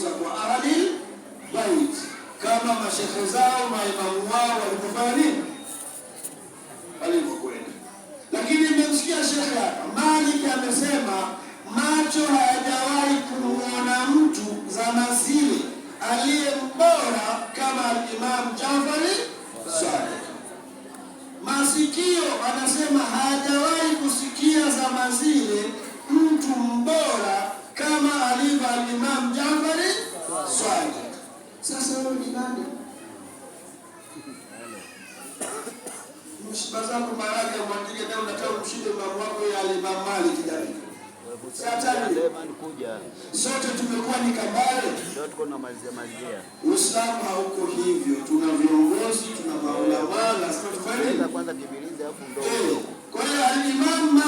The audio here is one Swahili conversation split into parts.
kuzungumza kwa arabi bait kama mashehe zao maimamu wao walivyofanya nini, walivyokwenda. Lakini mmemsikia Shekhe Malik amesema macho hayajawahi kumwona mtu zama zile aliye mbora kama Imam Jafari Sadiq. Masikio anasema hayajawahi kusikia zama zile Sasa wewe ni nani? Mshiba zako maradhi ya mwandike leo nataka umshinde mambo yako ya limamali kijana. Sote tumekuwa ni kambale. Leo tuko na malizia malizia. Uislamu hauko hivyo. Tuna viongozi, tuna maulama, lazima tufanye. Kwanza Biblia alafu ndio. Eh, kwa hiyo Imam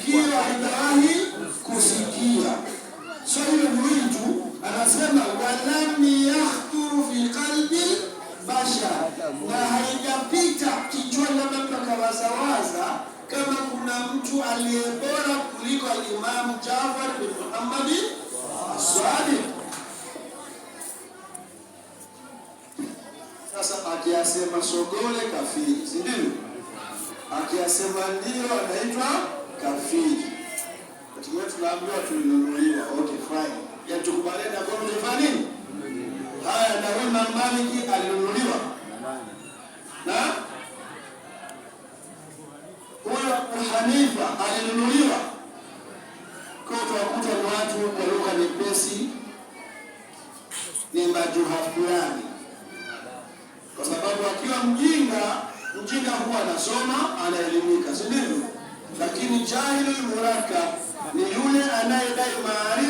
masikio yanawahi kusikia. Shairi mwitu anasema walam yahduru fi qalbi bashar, na haijapita kichwani mtu akawazawaza kama kuna mtu aliye kuliko alimamu Jafar bin muhammadi Sadiq. Sasa akiasema sogole kafiri, si akiasema Akiyasema ndio anaitwa tunaambiwa tulinunuliwa, wote furahi. Yatukubaleni ambayo mmefanya nini? Haya, na huyu Maliki alinunuliwa na huyo Hanifa alinunuliwa. Kwa tunakuta ni watu kwa lugha nyepesi, ni majuha fulani, kwa sababu akiwa mjinga, mjinga huwa anasoma anaelimika, si ndivyo? Lakini jahilul murakab mais.